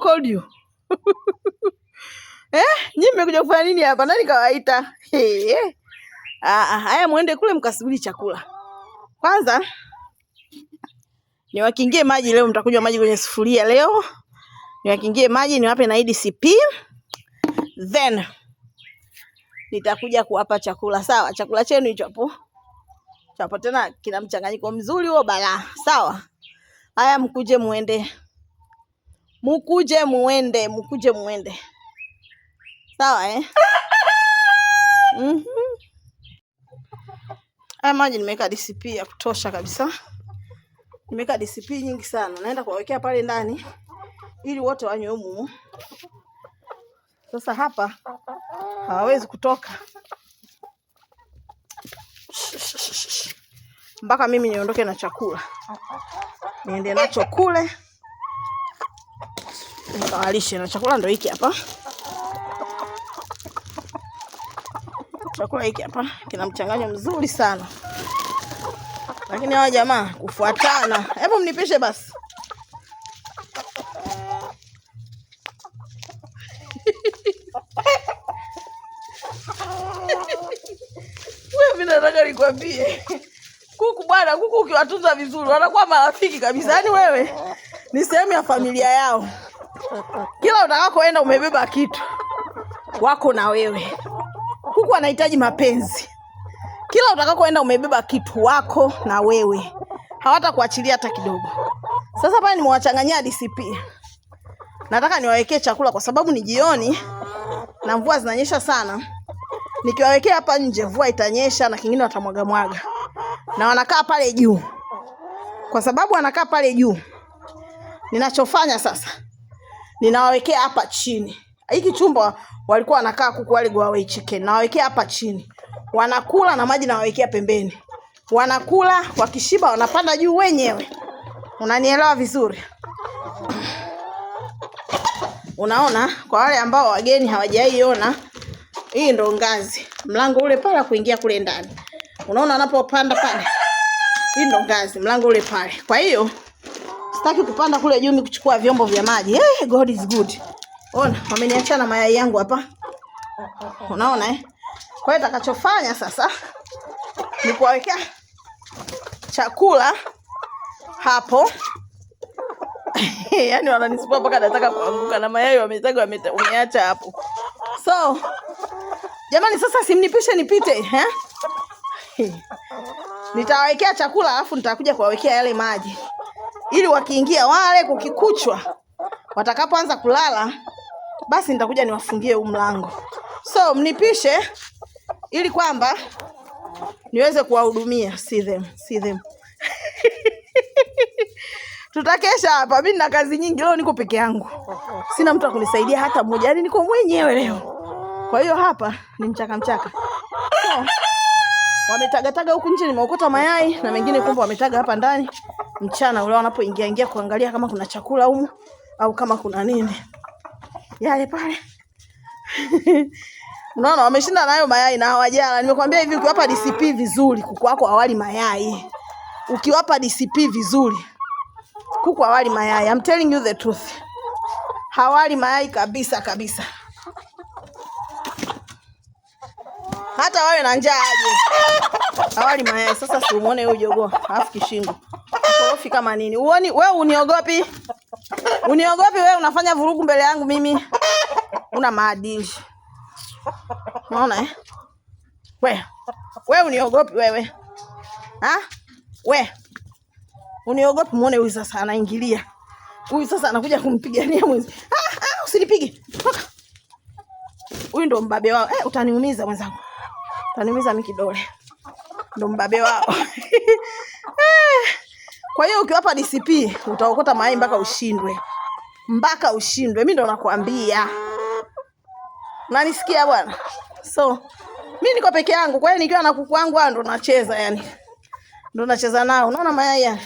called you? Eh, nyinyi mmekuja kufanya nini hapa? Nani kawaita? Hey, eh. ah, ah, haya muende kule mkasubiri chakula. Kwanza niwakingie maji leo, mtakunywa maji kwenye sufuria leo. Niwakingie maji niwape na DCP. Then nitakuja kuwapa chakula sawa. Chakula chenu hicho hapo chapo, tena kina mchanganyiko mzuri huo bala. sawa. Haya, mkuje muende mukuje muende, mukuje muende, sawa eh? mm -hmm. Haya maji nimeweka DCP ya kutosha kabisa, nimeweka DCP nyingi sana, naenda kuwawekea pale ndani ili wote wanywe humu. Sasa hapa hawawezi kutoka mpaka mimi niondoke na chakula niende nacho kule nataka walishe, na chakula ndo hiki hapa. Chakula hiki hapa kina mchanganyo mzuri sana, lakini hawa jamaa kufuatana. Hebu mnipishe basi. nataka nikwambie kuku bwana, kuku ukiwatunza vizuri wanakuwa marafiki kabisa. Yaani wewe ni sehemu ya familia yao. Kila utakakoenda umebeba kitu, wako na wewe. Kuku anahitaji mapenzi. Kila utakakoenda umebeba kitu, wako na wewe, hawatakuachilia hata kidogo. Sasa pale nimewachanganyia DCP, nataka niwawekee chakula kwa sababu ni jioni na mvua zinanyesha sana. Nikiwawekea hapa nje, mvua itanyesha na kingine watamwaga mwaga, na wanakaa pale juu. Kwa sababu wanakaa pale juu, ninachofanya sasa ninawawekea hapa chini. Hiki chumba walikuwa wanakaa kuku wale gourmet chicken, nawawekea hapa chini, wanakula na maji nawawekea pembeni, wanakula wakishiba, wanapanda juu wenyewe. Unanielewa vizuri? Unaona, kwa wale ambao wageni hawajaiona, hii ndo ngazi, mlango ule pale wa kuingia kule ndani. Unaona wanapopanda pale, hii ndo ngazi, mlango ule pale. Kwa hiyo Sitaki kupanda kule juu kuchukua vyombo vya maji. Eh, Hey, God is good. Ona, wameniacha na mayai yangu hapa. Unaona eh? Kwa hiyo takachofanya sasa ni kuwawekea chakula hapo. Yaani wananisumbua mpaka nataka kuanguka na mayai wametaga wameacha hapo. So, jamani sasa simnipishe nipite, eh? Nitawawekea chakula alafu nitakuja kuwawekea yale maji ili wakiingia wale, kukikuchwa, watakapoanza kulala, basi nitakuja niwafungie huu mlango, so mnipishe, ili kwamba niweze kuwahudumia. See them, see them. Tutakesha hapa, mimi nina kazi nyingi leo, niko peke yangu, sina mtu akunisaidia hata mmoja, yaani niko mwenyewe leo. Kwa hiyo hapa ni mchaka mchaka, so, wametagataga huku nje, nimeokota mayai na mengine kumbe wametaga hapa ndani mchana ule wanapoingia ingia kuangalia kama kuna chakula humu au kama kuna nini yale pale unaona wameshinda nayo mayai na hawajala. Nimekwambia hivi, ukiwapa DCP vizuri kuku wako awali mayai, ukiwapa DCP vizuri kuku awali mayai. I'm telling you the truth, hawali mayai kabisa kabisa, hata wawe na njaa aje hawali mayai. Sasa simuone huyo jogoo afu kishingo mgofi kama nini? Uoni wewe uniogopi? Uniogopi wewe unafanya vurugu mbele yangu mimi. Una maadili. Unaona eh? We. Wewe uniogopi wewe? Ha? We. Uniogopi muone huyu sasa anaingilia. Huyu sasa anakuja kumpigania mwenzi. Ah, ah, usinipige. Huyu ndo mbabe wao. Eh, utaniumiza mwenzangu. Utaniumiza mikidole kidole. Ndo mbabe wao. Eh, kwa hiyo ukiwapa DCP utaokota mayai mpaka ushindwe, mpaka ushindwe. Mimi ndo nakwambia, nanisikia bwana. So mimi niko peke yangu, kwa hiyo nikiwa na kuku wangu ndo nacheza yani, ndo nacheza nao. Unaona mayai yani,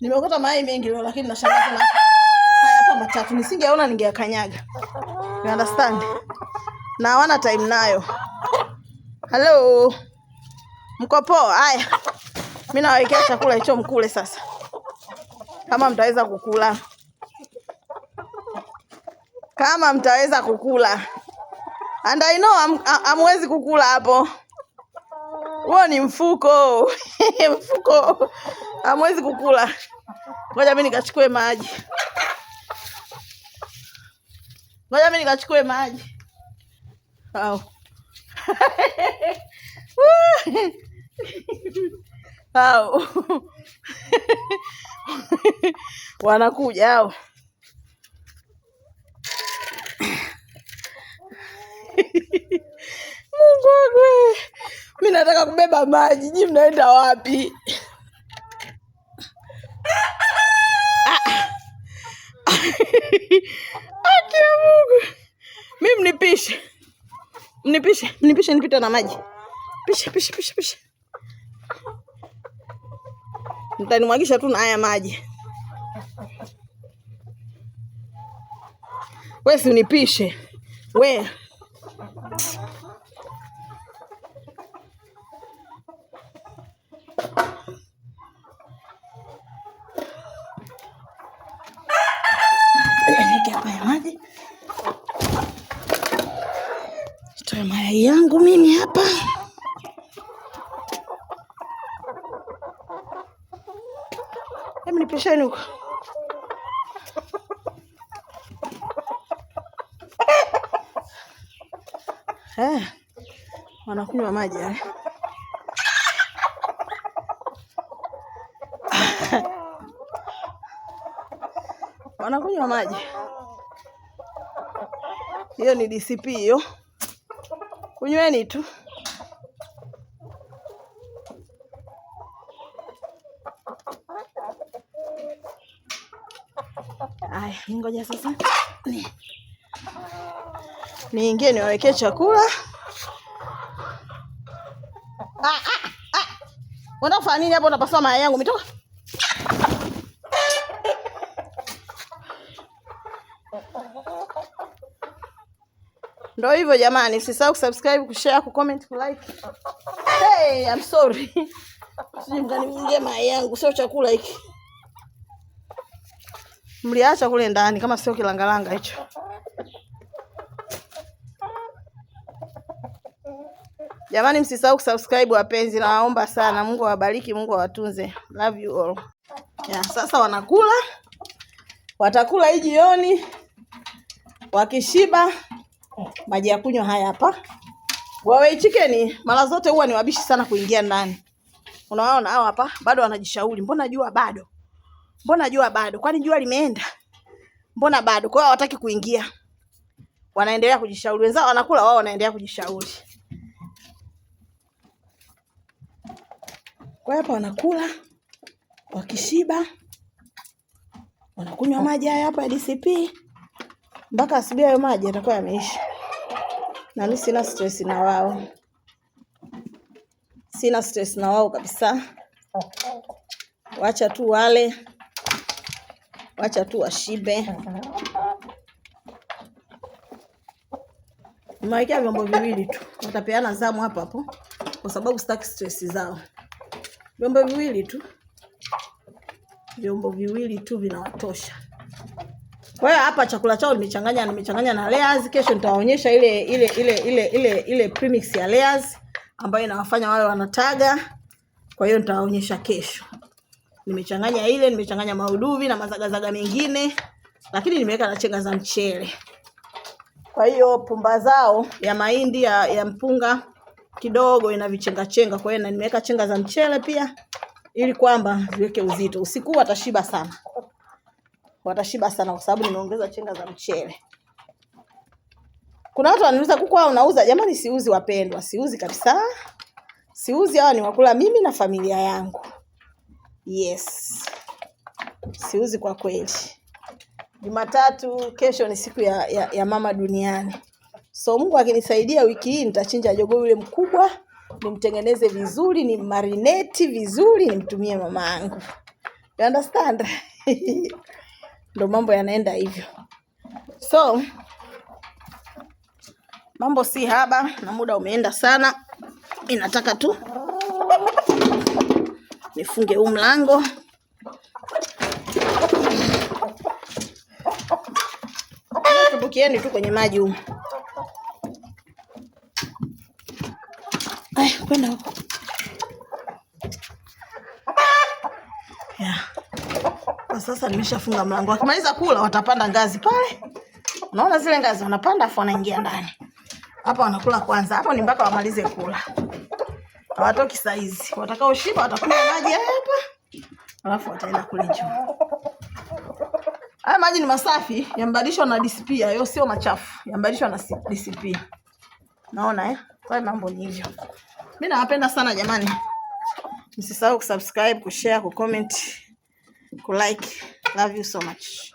nimeokota mayai mengi leo, lakini nashangaa na haya hapa matatu, nisingeona ningeyakanyaga. You understand? Na wana time nayo. Hello. Mko poa? Haya. Mimi nawekea chakula hicho, mkule sasa, kama mtaweza kukula, kama mtaweza kukula. And I know am, amwezi kukula hapo, huo ni mfuko mfuko, amwezi kukula. Ngoja mimi nikachukue maji, ngoja mimi nikachukue maji au hao wanakuja hao Mungu wangu, mi nataka kubeba maji, nyi mnaenda wapi? Akia Mungu, mi mnipishe, mnipishe, mnipishe, nipita na maji, pisha pisha pisha pisha nitanimwagisha tu na haya maji. Wewe si unipishe we. Hadi pisheni huko. Eh, wanakunywa maji yale. Wanakunywa maji. Hiyo ni DCP hiyo. Kunyweni tu. Ngoja sasa niingie niwawekee chakula. Ah, ah, ah. Unaenda kufanya nini hapo? Unapasua mayai yangu mitoka Ndo hivyo jamani, usisahau kusubscribe, kushare, kucomment, kulike. Hey, I'm sorry. Sijui mgani mwingie mayai yangu, sio chakula hiki mliacha kule ndani, kama sio kilangalanga hicho. Jamani, msisahau kusubscribe wapenzi, nawaomba sana. Mungu awabariki, Mungu awatunze, love you all. Ya, sasa wanakula, watakula hii jioni, wakishiba maji ya kunywa haya hapa. Wawe chicken mara zote huwa ni wabishi sana kuingia ndani, Unaona hao hapa, bado wanajishauri, mbona jua bado Mbona jua bado? Kwani jua limeenda? Mbona bado? Kwa hiyo hawataki kuingia, wanaendelea kujishauri. Wenzao wanakula, wao wanaendelea kujishauri. Kwa hapa wanakula wakishiba, wanakunywa maji haya hapa ya DCP mpaka asubuhi. Hayo maji yatakuwa yameisha, na mimi sina stress na wao, sina stress na wao kabisa. Wacha tu wale wacha tu washibe. Nimewekea vyombo viwili tu, watapeana zamu hapa hapo, kwa sababu sitaki stress zao. Vyombo viwili tu, vyombo viwili tu vinawatosha. Kwa hiyo hapa chakula chao nimechanganya, nimechanganya na layers. Kesho nitawaonyesha ile ile ile ile ile ile premix ya layers ambayo inawafanya wale wanataga. Kwa hiyo nitawaonyesha kesho. Nimechanganya ile, nimechanganya mauduvi na mazagazaga mengine, lakini nimeweka na chenga za mchele. Kwa hiyo pumba zao ya mahindi ya, ya mpunga kidogo ina vichenga chenga, kwa hiyo nimeweka chenga za mchele pia ili kwamba ziweke uzito. Usiku watashiba sana, watashiba sana kwa sababu nimeongeza chenga za mchele. Kuna watu wananiuliza kuku hao unauza? Jamani, siuzi wapendwa, siuzi kabisa, siuzi. Hawa ni wakula mimi na familia yangu. Yes, siuzi kwa kweli. Jumatatu kesho ni siku ya, ya, ya mama duniani, so Mungu akinisaidia wiki hii nitachinja jogoo yule mkubwa, nimtengeneze vizuri, ni marineti vizuri, nimtumie mama yangu. You understand? Ndo mambo yanaenda hivyo, so mambo si haba na muda umeenda sana, inataka tu nifunge huu mlango. Tumbukieni tu kwenye maji huu. Ay, kwenda huko. Yeah. Sasa nimeshafunga mlango. Wakimaliza kula watapanda ngazi pale. Unaona zile ngazi wanapanda afu wanaingia ndani. Hapa wanakula kwanza. Hapo ni mpaka wamalize kula hawatoki saizi. Watakaoshiba watakunywa maji hapa, alafu wataenda kule juu. Haya maji ni masafi, yamebadilishwa na DCP, hayo sio machafu, yamebadilishwa na DCP. Naona eh? Kwa mambo ni hivyo. Mimi nawapenda sana jamani. Msisahau kusubscribe, kushare, kucomment, kulike. Love you so much.